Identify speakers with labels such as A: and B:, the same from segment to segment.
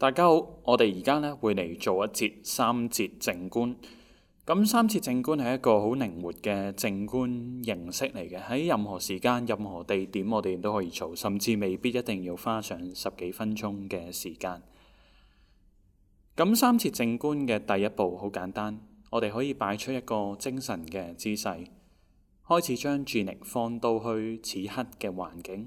A: 大家好，我哋而家呢會嚟做一節三節靜觀。咁三節靜觀係一個好靈活嘅靜觀形式嚟嘅，喺任何時間、任何地點，我哋都可以做，甚至未必一定要花上十幾分鐘嘅時間。咁三節靜觀嘅第一步好簡單，我哋可以擺出一個精神嘅姿勢，開始將注意力放到去此刻嘅環境。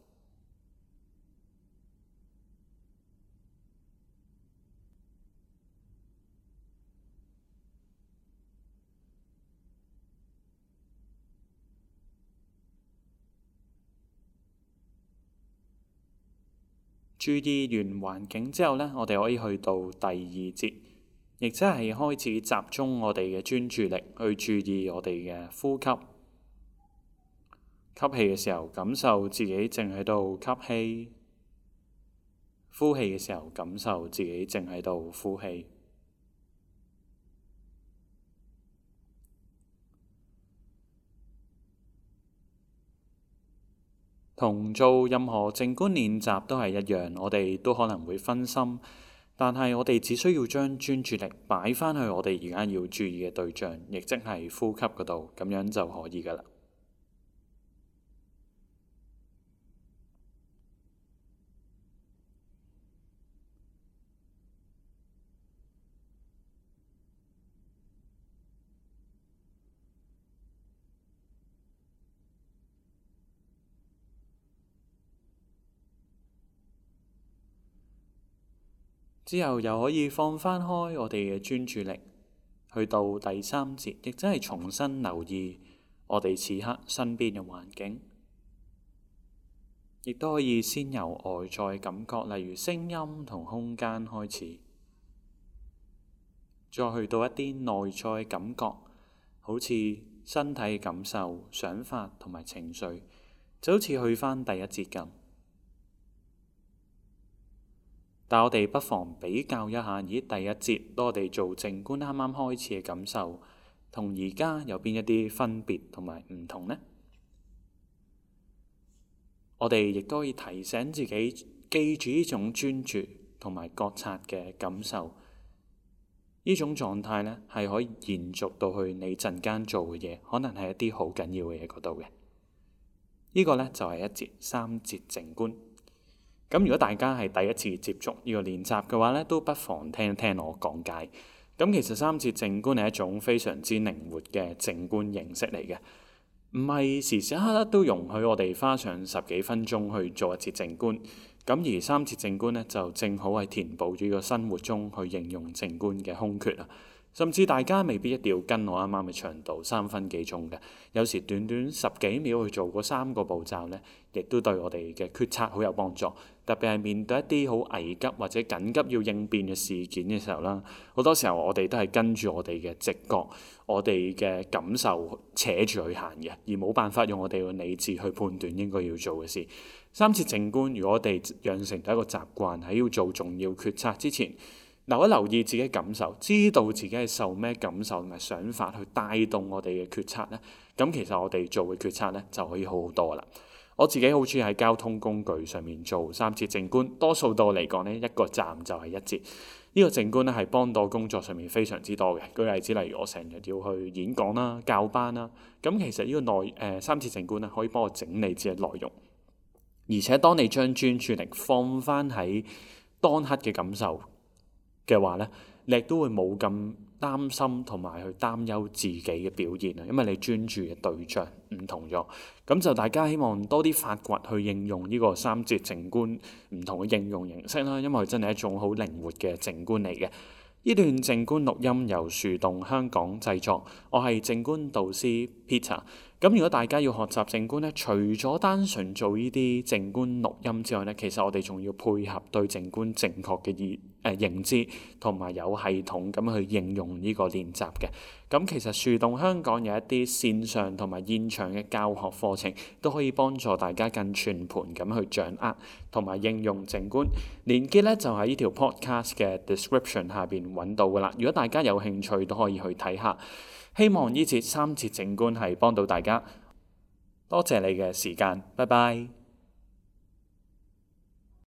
A: 注意完環境之後呢，我哋可以去到第二節，亦即係開始集中我哋嘅專注力，去注意我哋嘅呼吸，吸氣嘅時候感受自己淨喺度吸氣，呼氣嘅時候感受自己淨喺度呼氣。同做任何靜觀練習都係一樣，我哋都可能會分心，但係我哋只需要將專注力擺返去我哋而家要注意嘅對象，亦即係呼吸嗰度，咁樣就可以㗎喇。之後又可以放翻開我哋嘅專注力，去到第三節，亦即係重新留意我哋此刻身邊嘅環境，亦都可以先由外在感覺，例如聲音同空間開始，再去到一啲內在感覺，好似身體感受、想法同埋情緒，就好似去翻第一節咁。但我哋不妨比較一下，以第一節多地做靜觀啱啱開始嘅感受，同而家有邊一啲分別同埋唔同呢？我哋亦都可以提醒自己，記住呢種專注同埋覺察嘅感受，呢種狀態呢，係可以延續到去你陣間做嘅嘢，可能係一啲好緊要嘅嘢嗰度嘅。呢、這個呢，就係、是、一節三節靜觀。咁如果大家係第一次接觸呢個練習嘅話咧，都不妨聽一聽我講解。咁其實三節靜觀係一種非常之靈活嘅靜觀形式嚟嘅，唔係時時刻刻都容許我哋花上十幾分鐘去做一節靜觀。咁而三節靜觀咧，就正好係填補住個生活中去應用靜觀嘅空缺啊！甚至大家未必一定要跟我啱啱嘅長度三分幾鐘嘅，有時短短十幾秒去做嗰三個步驟咧，亦都對我哋嘅決策好有幫助。特別係面對一啲好危急或者緊急要應變嘅事件嘅時候啦，好多時候我哋都係跟住我哋嘅直覺、我哋嘅感受扯住去行嘅，而冇辦法用我哋嘅理智去判斷應該要做嘅事。三次靜觀，如果我哋養成咗一個習慣喺要做重要決策之前。留一留意自己感受，知道自己係受咩感受，同埋想法去帶動我哋嘅決策呢，咁其實我哋做嘅決策呢，就可以好好多啦。我自己好中意喺交通工具上面做三節靜觀，多數到嚟講呢一個站就係一節呢，呢個靜觀呢，係幫到工作上面非常之多嘅。舉例子例如我成日要去演講啦、教班啦，咁其實呢個內誒、呃、三節靜觀呢，可以幫我整理自己內容，而且當你將專注力放翻喺當刻嘅感受。嘅話咧，你亦都會冇咁擔心同埋去擔憂自己嘅表現啊，因為你專注嘅對象唔同咗。咁就大家希望多啲發掘去應用呢個三節靜觀唔同嘅應用形式啦，因為佢真係一種好靈活嘅靜觀嚟嘅。呢段靜觀錄音由樹洞香港製作，我係靜觀導師 Peter。咁如果大家要學習靜觀咧，除咗單純做呢啲靜觀錄音之外咧，其實我哋仲要配合對靜觀正確嘅意誒認知，同埋有系統咁去應用呢個練習嘅。咁其實樹洞香港有一啲線上同埋現場嘅教學課程，都可以幫助大家更全盤咁去掌握同埋應用靜觀。連結咧，就喺呢條 podcast 嘅 description 下邊揾到㗎啦。如果大家有興趣都可以去睇下。希望呢節三次靜觀係幫到大家。多謝你嘅時間，拜拜。